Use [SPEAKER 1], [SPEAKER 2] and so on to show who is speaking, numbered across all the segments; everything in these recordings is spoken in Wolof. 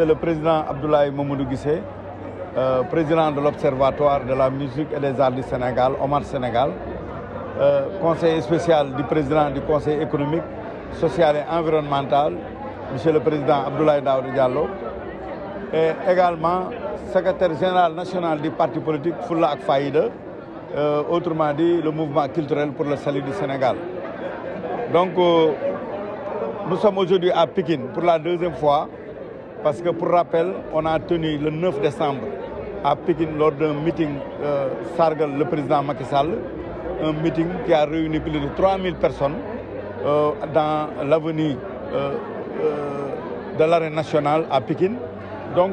[SPEAKER 1] c'est le président Abdoulaye Mamoudou Guissé, euh, président de l'Observatoire de la musique et des arts du Sénégal, Omar Sénégal, euh, conseiller du président du Conseil économique, social et environnemental, Monsieur le Président Abdoulaye Daoud Diallo, et également secrétaire général national du parti politique Foula ak euh, autrement dit le mouvement culturel pour le salut du Sénégal. Donc, euh, nous sommes aujourd'hui à Pékin pour la deuxième fois Parce que pour rappel, on a tenu le décembre à Pékin lors d'un meeting euh, Sargal le président Macky Sall, un meeting qui a réuni plus de 3000 personnes euh, dans l'avenue euh, euh de l'arène nationale à Pékin. Donc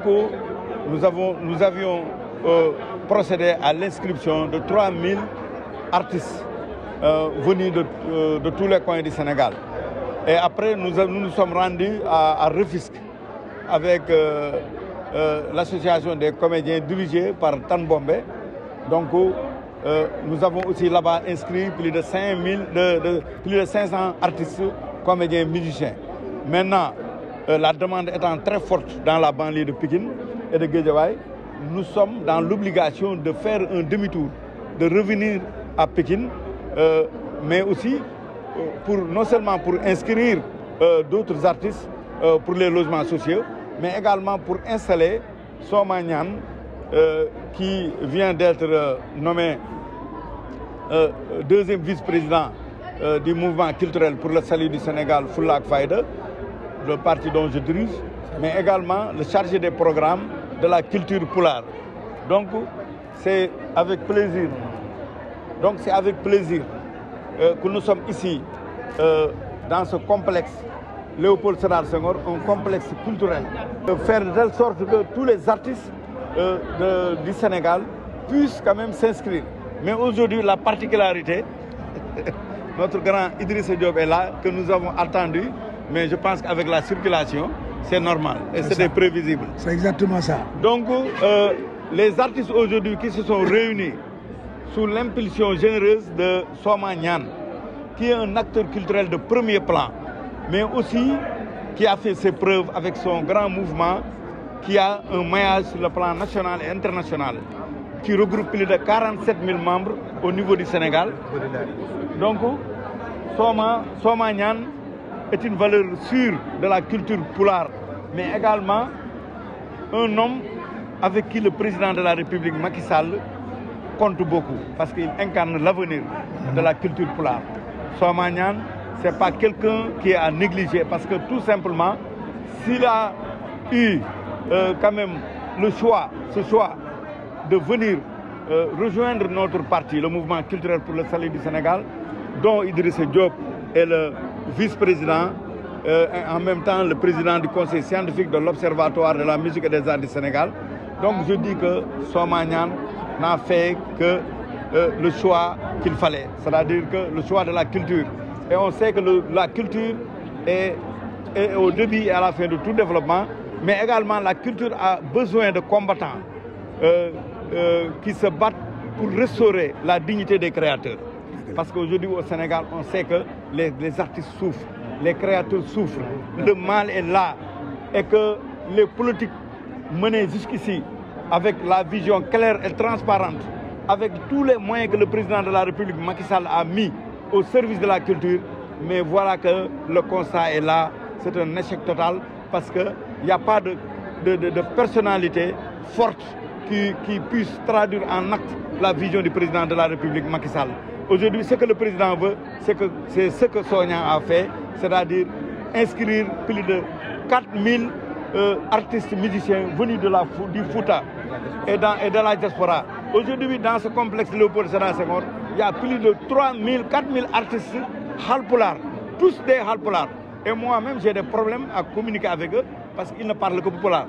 [SPEAKER 1] nous, avons, nous avions euh, procédé à l'inscription de 3000 artistes euh, venus de, de, tous les coins du Sénégal. Et après, nous nous, sommes rendus à, à Refisque avec euh, euh, l'association des comédiens dirigée par Tan Bombay. Donc, euh, nous avons aussi là-bas inscrit plus de, 5 000, de, de, plus de 500 artistes, comédiens, musiciens. Maintenant, euh, la demande étant très forte dans la banlieue de Pékin et de Guédiawaye, nous sommes dans l'obligation de faire un demi-tour, de revenir à Pékin, euh, mais aussi euh, pour, non seulement pour inscrire d'autres artistes, Euh, pour les logements sociaux, mais également pour installer Soma Nyan, euh, qui vient d'être euh, nommé deuxième vice-président du mouvement culturel pour le salut du Sénégal, Foulak Faïda, le parti dont je dirige, mais également le chargé des programmes de la culture poulard. Donc, c'est avec plaisir, donc c'est avec plaisir euh, que nous sommes ici dans ce complexe Léopold Sédar Senghor un complexe culturel. faire de telle sorte que tous les artistes euh, de, du Sénégal puissent quand même s'inscrire. Mais aujourd'hui, la particularité, notre grand Idriss Diop est là, que nous avons attendu, mais je pense qu'avec la circulation, c'est normal et c'était
[SPEAKER 2] prévisible. C'est exactement ça.
[SPEAKER 1] Donc, euh, les artistes aujourd'hui qui se sont réunis sous l'impulsion généreuse de Soma Nyan, qui est un acteur culturel de premier plan, mais aussi qui a fait ses preuves avec son grand mouvement qui le plan national international, qui regroupe plus de 47 000 membres au niveau du Sénégal. Donc, Soma, Soma Nyan est une valeur sûre de la culture poulard, mais également un avec qui président de la République, Macky Sall, compte beaucoup, parce qu'il incarne l'avenir de la culture poulard. ce n'est pas quelqu'un qui est à négliger parce que tout simplement, s'il a eu euh, quand même le choix, ce choix de venir euh, rejoindre notre parti, le mouvement culturel pour le salut du Sénégal, dont Idriss Diop est le vice-président, euh, et en même temps le président du conseil scientifique de l'Observatoire de la musique et des arts du Sénégal. Donc je dis que Somagnan n'a fait que euh, le choix qu'il fallait, c'est-à-dire que le choix de la culture. Et on sait que la culture est, est, au début et à la fin de tout développement, mais également la culture a besoin de combattants euh, euh, qui se battent pour restaurer la dignité des créateurs. Parce qu'aujourd'hui au Sénégal, on sait que les, les artistes souffrent, les créateurs souffrent, le mal est là, et que les politiques menées jusqu'ici, avec la vision claire et transparente, avec tous les moyens que le président de la République, Macky Sall, a mis au service de la culture. Mais voilà que le constat est là, c'est un échec total parce qu'il n'y a pas de, de, de, de personnalité forte qui, qui, puisse traduire en acte la vision du président de la République Macky Sall. Aujourd'hui, ce que le président veut, c'est que c'est ce que Sonia a fait, c'est-à-dire inscrire plus de 4000 euh, artistes musiciens venus de la, du Fouta et, dans, et de la diaspora. Aujourd'hui, dans ce complexe Léopold Sédar Senghor, il y a plus de 3 000, 4 000 artistes halpolars, tous des halpolars. Et moi-même, j'ai des problèmes à communiquer avec eux parce qu'ils ne parlent que polar.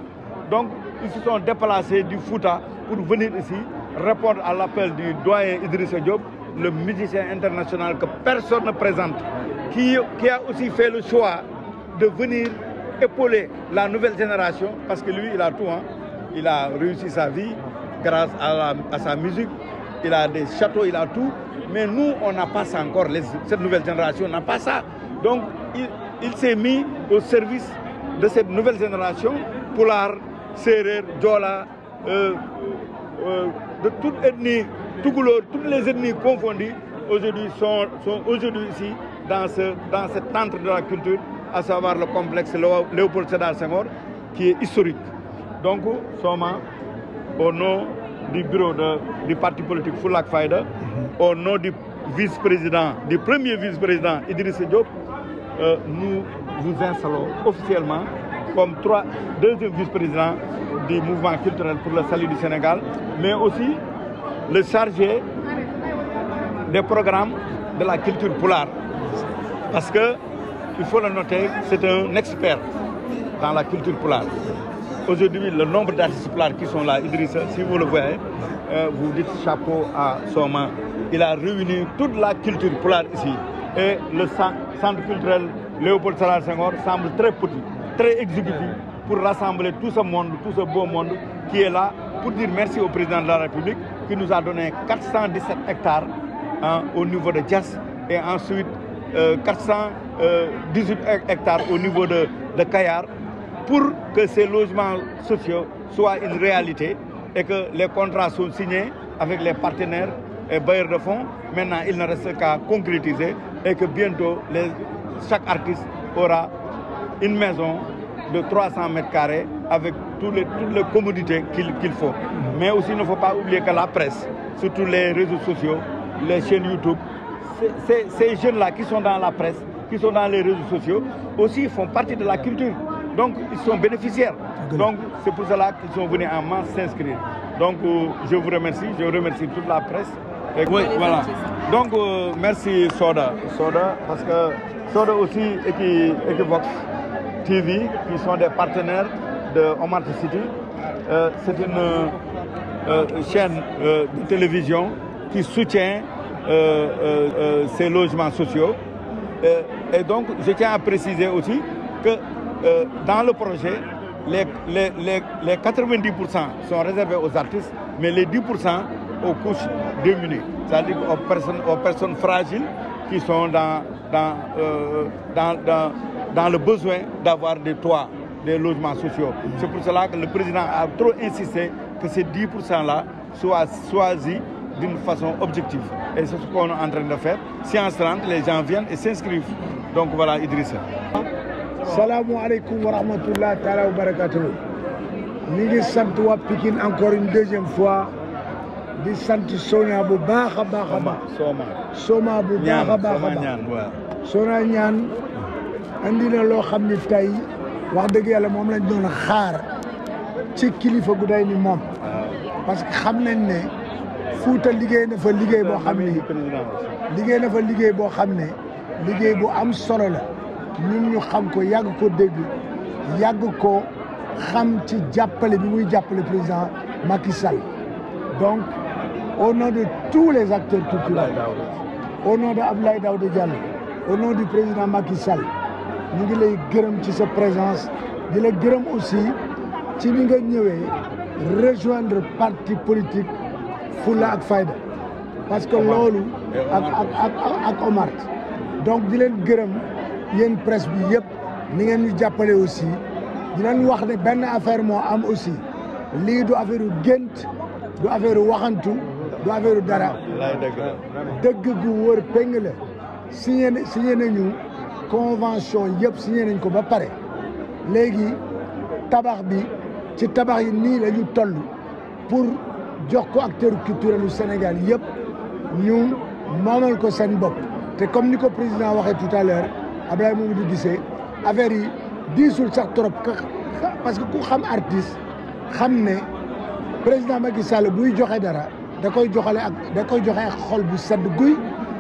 [SPEAKER 1] Donc, ils se sont déplacés du Fouta pour venir ici répondre à l'appel du doyen Idrissa Diop, le musicien international que personne ne présente, qui, qui a aussi fait le choix de venir épauler la nouvelle génération parce que lui, il a tout. Hein. Il a réussi sa vie grâce à, la, à sa musique, il a des châteaux, il a tout. Mais nous, on n'a pas encore. Les, cette nouvelle génération n'a pas Donc, il, il s'est mis au service de cette nouvelle génération, Poulard, Serer, Djola, euh, euh, de toute ethnie, tout toutes les ethnies confondues, aujourd'hui sont, sont aujourd'hui ici dans, ce, cet centre de la culture, à savoir le complexe Léopold Sédar Senghor, qui est historique. Donc, Soma, au nom du bureau de, du parti politique Fulak Faïda, mhm. au nom du vice-président, du premier vice-président Idriss Diop, euh, nous vous installons officiellement comme trois, deuxième vice-président du mouvement culturel pour le salut du Sénégal, mais aussi le chargé des programmes de la culture polar. Parce que, il faut le noter, c'est un expert dans la culture polar. Aujourd'hui, le nombre d'artistes qui sont là, Idrissa, si vous le voyez, euh, vous dites chapeau la culture polaire ici. le centre culturel Léopold Salar Senghor très petit, très exécutif pour rassembler tout tout ce beau monde qui est là pour dire merci au président de la République qui nous a donné 417 au niveau de Dias et ensuite euh, 418 euh, hectares au niveau de, de Kayar pour que ces logements sociaux soient une réalité et que les contrats sont signés avec les partenaires et bailleurs de fonds. Maintenant, il ne reste qu'à concrétiser et que bientôt, les, chaque artiste aura une maison de 300 mètres carrés avec toutes les, toutes les commodités qu'il qu faut. Mais aussi, il ne faut pas oublier que la presse, surtout les réseaux sociaux, les chaînes YouTube, ces jeunes-là qui sont dans la presse, qui sont dans les réseaux sociaux, aussi font partie de la culture. Donc, ils sont bénéficiaires. Donc, c'est pour cela qu'ils sont venus en masse s'inscrire. Donc, euh, je vous remercie. Je remercie toute la presse. Et Donc, euh, merci Soda. Soda, parce que Soda aussi et Equivox TV, qui sont des partenaires de Omar City. Euh, c'est une euh, euh chaîne de télévision qui soutient ces logements sociaux. et donc, je tiens à préciser aussi que Euh, dans le projet les les les les quatre-vingt-dix pour cent sont réservés aux artistes mais les dix pour cent aux couches démunies c'est-à-dire personnes aux personnes fragiles qui sont dans dans euh, dans dans dans le besoin d'avoir des toits des logements sociaux c'est pour cela que le président a trop insisté que dix pour cent là soient choisis d'une façon objective et c'est ce qu'on est en train les gens viennent et s'inscrivent donc voilà Idrissa
[SPEAKER 2] salaamualeykum wa rahmatullah taala wa barakatuhu ñu sant waa Pikine encore une deuxième fois di sant Sonia bu baax a baax baax Soma Sona ñaan andi loo xam ni tey wax dëgg yàlla moom lañ doon xaar ci kilifa gu day ni moom parce que xam nañ ne Fuuta liggéey na liggéey boo xam ne liggéey na fa liggéey boo xam ne liggéey bu am solo la ñun ñu xam ko yàgg ko dégg yàgg ko xam ci jàppale bi muy jàppale président Macky Sall donc au nom de tous les acteurs culturels au nom de Abdoulaye de Diallo au nom du président Macky Sall ñu ngi lay gërëm ci sa présence di la gërëm aussi ci ni nga ñëwee rejoindre parti politique Fulla ak Fayda parce que loolu ak ak donc di leen gërëm yéen presse bi yëpp ni ngeen ñu jàppale aussi dinañ wax ne benn affaire moo am aussi lii du affaire u gént du affaire waxantu du affaire dara dëgg gu wër péng la signé nañu convention yëpp siñe nañ ko ba pare léegi tabax bi ci tabax yi nii lañu ñu toll pour jox ko acteur culturel u Sénégal yëpp ñu moomal ko seen bopp te comme ni ko président waxee tout à Abdoulaye Mamadou Guissé affaire yi diisul sax trop parce que ku xam artiste xam ne président Macky Sall buy joxe dara da koy joxale ak da koy joxe ak xol bu sedd guy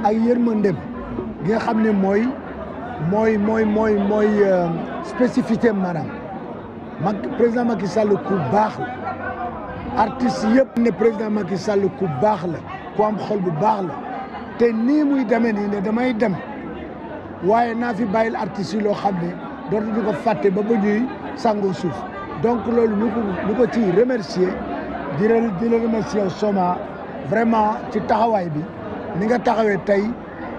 [SPEAKER 2] ak yërmandem gi nga xam ne mooy mooy mooy mooy mooy euh, spécificité maanaam mag président Macky Sall ku baax la artiste yëpp ne président Macky Sall ku baax la ku am xol bu baax la te nii muy demee nii ne damay dem waaye naa fi bàyyil artistes yi loo xam ne dootuñu ko fàtte ba ba ñuy sangoo suuf donc loolu ñu ko ñu ko ciy remercier di la di la vraiment ci taxawaay bi ni nga taxawee tey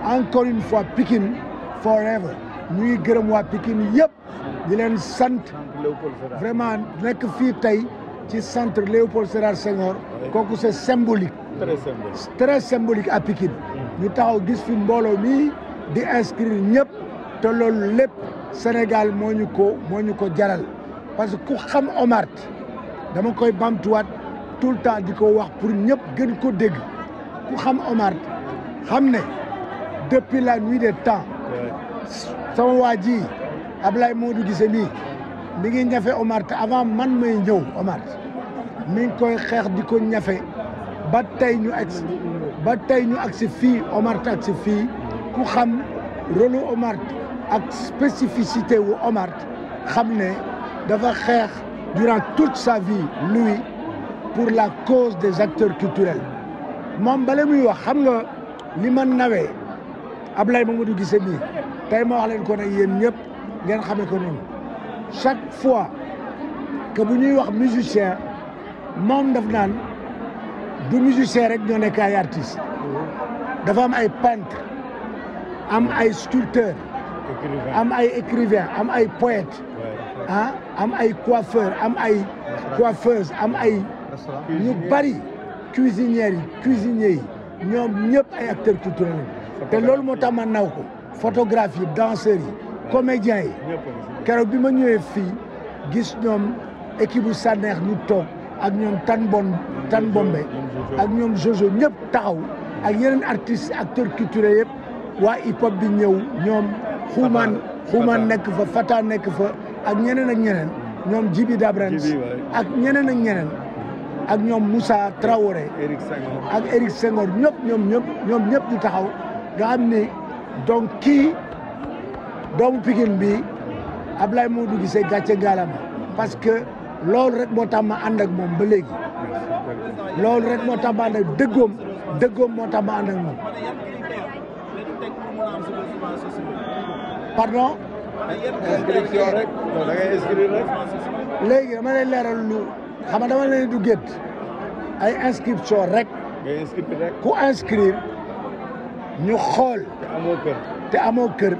[SPEAKER 2] encore une fois Pikine forever ñu ngi gërëm waa Pikine yëpp di leen sant vraiment nekk fii tey ci centre Léopold Sédar Senghor kooku c'est symbolique très symbolique à Pikine ñu taxaw gis fi mbooloo mi di inscrire ñëpp te loolu lépp Sénégal mooñu ko moo ñu ko jaral parce que ku xam Omart dama koy bamtuwaat tout le temps di ko wax pour ñëpp gën ko dégg ku xam Omart xam ne depuis la nuit des temps ji Ablaye Modou Guissé mii mi ngi ñafe Omart avant man may ñëw Omart mi koy xeex di ko ñafe ba tey ñu agsi ba tey ñu agsi fii Omart agsi fii ku xam rôle Omart ak spécificité wu Omart xam ne dafa xeex durant tout sa vie lui pour la cause des acteurs culturels moom bale muy wax xam nga li ma nawee Ablaye Mamadou Guissé mii tey ma wax leen ko ne yéen ñëpp ngeen xamee ko noonu chaque fois que bu ñuy wax musicien moom daf naan du musicien rek ñoo nekk ay artiste dafa am ay peintre am ay sculpteur am ay écrivain am ay poète ah am ay coiffeur am ay coiffeuse am ay ñu bari cuisinières yi cuisiniers yi ñoom ñëpp ay acteurs culturels te loolu moo tax ma naw ko photographe yi danseurs yi comédiens yi keroog bi ma ñëwee fii gis ñoom équipe bu Saneex ñu toog ak ñoom tan bon bombe ak ñoom Jojo ñëpp taxaw ak yeneen artistes acteurs culturels yëpp waa hip hop bi ñëw ñoom xuumaan xuumaan nekk fa fata nekk fa ak ñeneen ak ñeneen ñoom Djibi Dabrans ak ñeneen ak ñeneen ak ñoom Moussa Traoré ak Éric Senghor ñëpp ñoom ñëpp ñoom ñëpp ñu taxaw nga xam ni donc kii doomu ab bi moo Modou gisee gàcce gaalama parce que loolu rek moo tax ma ànd ak moom ba léegi loolu rek moo tax ma ànd dëggoom moo tax ma ànd ak moom pardon.
[SPEAKER 1] inscription rek da ngay inscrire
[SPEAKER 2] leeral lu xam nga dama leen du gétt ay inscription rek. ngay ku inscrire ñu xool. te amoo kër.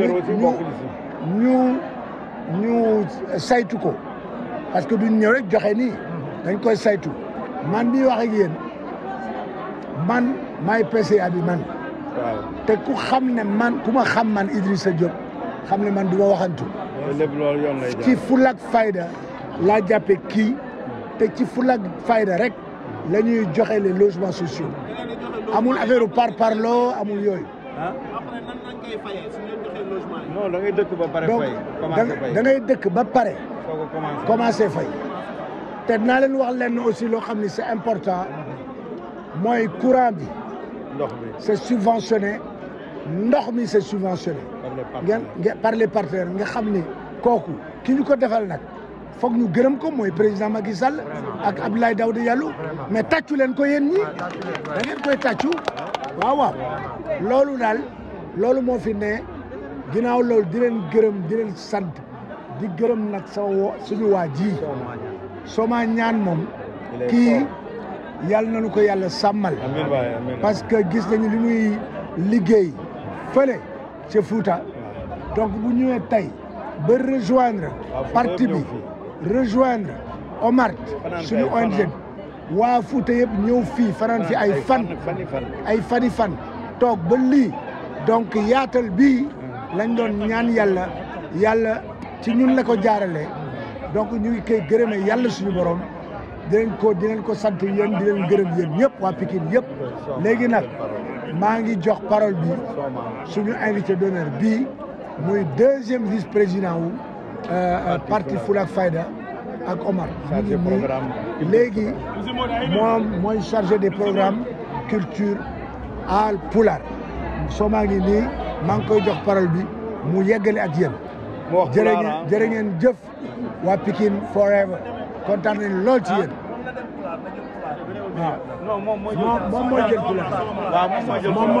[SPEAKER 2] ñu si. ñu ñu saytu ko parce que duñ ñëw joxe nii. dañ ko saytu man bi wax ak man maay PCA bi man. te ku xam ne man ku xam man Idrissa Diop xam ne man du ma waxantu.
[SPEAKER 1] lépp loolu yoon lay ci fulak
[SPEAKER 2] fayda laa jàppee kii te ci fulak fayda rek lañuy joxe les logements sociaux amul affaire par par loo amul yooyu. ah.
[SPEAKER 1] non dëkk ba donc da
[SPEAKER 2] ngay dëkk ba pare. commencé fay. te naa leen wax lenn aussi loo xam ne c'est important mooy courant bi. ndox mi c'est subventionné ndox mi c'est subventionné par les partenaires nga xam ne kooku kii ñu ko defal nag foog ñu gërëm ko mooy président Macky Sall ak Abdoulaye Daouda yàllu mais taccu leen ko yéen ñi ah, da koy tàccu waaw waaw loolu daal loolu moo fi ne ginnaaw loolu di gërëm di leen sant di gërëm nag sa suñu waa ji soo ma ñaan moom kii yàlla nañu ko yàlla sàmmal parce que gis nañu li muy liggéey fële ca Fouta donc bu ñëwee tey ba rejoindre ah, parti bi rejoindre Omart suñu ONG waa Fouta yëpp ñëw fii fanaan fi ay fan ay fani fan toog ba lii donc yaatal bi lañ doon ñaan yàlla yàlla ci ñun la ko jaarale mm. donc ñu ngi koy gërëme yàlla suñu borom dinañ ko dinañ ko sant yéen di leen gërëm yéen ñëpp waa Pikine yëpp léegi nag maa ngi jox parole bi suñu invité d'honneur bii muy deuxième vice président wu euh, euh, parti Fulla ak Fayda ak Omar ñu ngi léegi moom mooy chargé des programmes culture al pulaar soo maa ngi nii maa ngi koy jox parole bi mu yeggale ak yéen ah. jërë ngeen jëf waa forever kontaan nañu lool ci yéen. waaw
[SPEAKER 3] non moom mooy jël pulaar waaw moom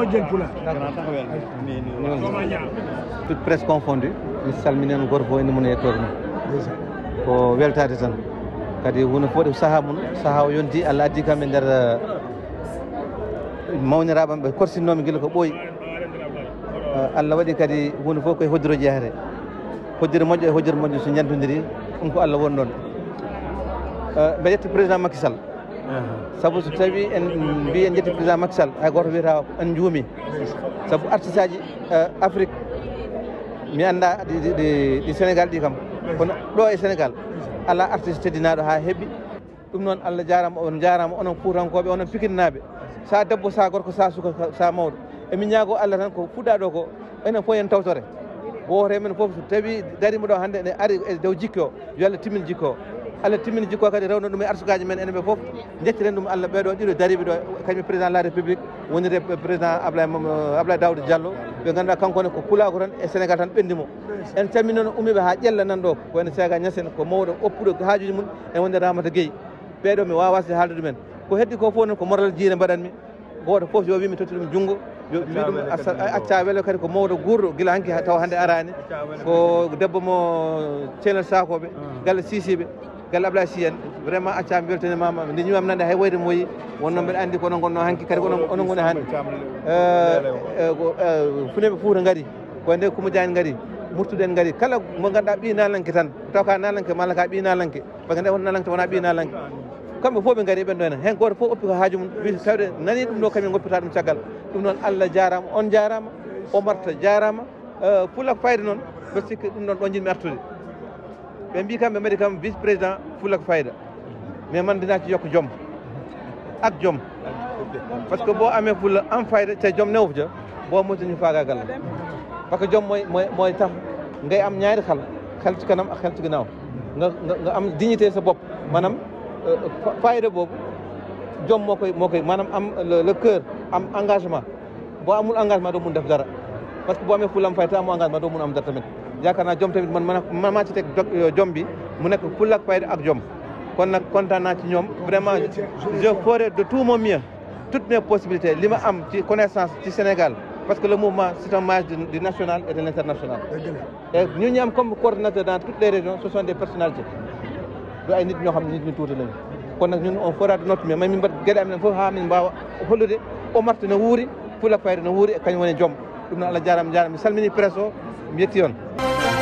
[SPEAKER 3] e yettorde ko weltade tan kadi huno fof ɗo saaha mum saaha o yonti allah addi kamɓe nder eh, mawniraɓam ɓe korsinnomi guila ko ɓooyi eh, allah waɗi kadi huno fof koye hoddiro jeyate hoddire moƴƴo e hoddire moƴƴo so ñantodiri ɗum ko allah woni mbeɗa euh, ƴetta président macky sall uh-huh. so tawi en mbi en jetti président macky hay goto wiyata en juumi saabu artiste aji euh, mi annda ɗi sénégal ɗi kam kono ɗo e sénégal ala artiste teddinaɗo ha heeɓi ɗum noon allah jarama onon fuutankoɓe onon pikinnaaɓe sa debbo sa gorko sa suka sa mawɗo emin ñaago allah tan ko fuɗɗa ko enen fof en tawtore woto men fof so tawi darima ɗo hannde ene ari e dow jikki o yo allah timmin jikki o allah timmini jikko kadi rewno ɗum e arsukaji men enen ɓe foof jettiren ɗum allah ɓeɗo ɗiɗo dariɓe ɗo kañum président de la république wonire président ablaye euh, ablaye dawde diallo ɓe ganduɗa kankone ko pulako tan e sénégal tan ɓendi mo en calmini noon umiɓe ha ƴella nan ɗo ko ene seega ñasen ko mawɗo oppuɗo haajuji mum en wonde ramata gueyi ɓeɗo mi wawasde haalde ɗumen ko heddi ko fof noon ko moral jiire mbaɗanmi goto foof yo wimi totti ɗum junngo ɗum galle ablaye sy en vraiment accama weltanimama nde ñumam nande hay wayde mo yi wonnoon mbeɗa anndi kono gonno hanki kadi onon goni hanni funeɓe fuuta ngari koye nde kuma diani ngari murtude en ngari kala mo ganduɗa ɓi nalanke tan taw ka nalanke malla ka ɓi nalanke kamɓe fof ngari ɓen ɗon hen goto fof oppi ko haaju mum wi nani ɗum ɗo kamin goppita ɗum caggal ɗum noon allah jarama on jarama omarta jarama pulak eh, fayde noon mbeɗa sikki ɗum ɗon ɗon jinmi artude ɓe bii kam ɓe mbaɗi kam vice président fulak fayda mais man dinaa ci yokk jom ak jom parce que boo amee fulla am fayda te jom newu ca boo moytu ñu faagaagal la parce que jom mooy mooy mooy tax ngay am ñaari xel xel ci kanam a xel ci ginnaaw nga nga am dignité sa bopp maanaam euh, fayda boobu jom moo koy moo koy maanaam am le cœur am engagement boo amul engagement doo mun def dara parce que boo amee fulla am fayda te amul engagement doo mun am dara tamit yaakaar naa jom tamit man man maa ci teg euh, jom bi mu nekk fulla ak fayda ak jom kon nag kontaan naa ci ñoom vraiment je ferai de tout mon mieux toutes mes possibilités li ma am ci connaissance ci Sénégal parce que le mouvement c'est un mariage du national et de l'international et ñu ñu am comme coordinateur dans toutes les régions ce sont des personnalités ay nit ñoo xam ne nit ñu tuuti lañu kon nag ñu on fera de notre mieux min mbat gueɗe amen fof min mbawa hollude o marta no wuuri fulla ak fayda no wuuri e kañum woni joom ɗum noon allah jarama jarama mi salmini presse ñetti yoon.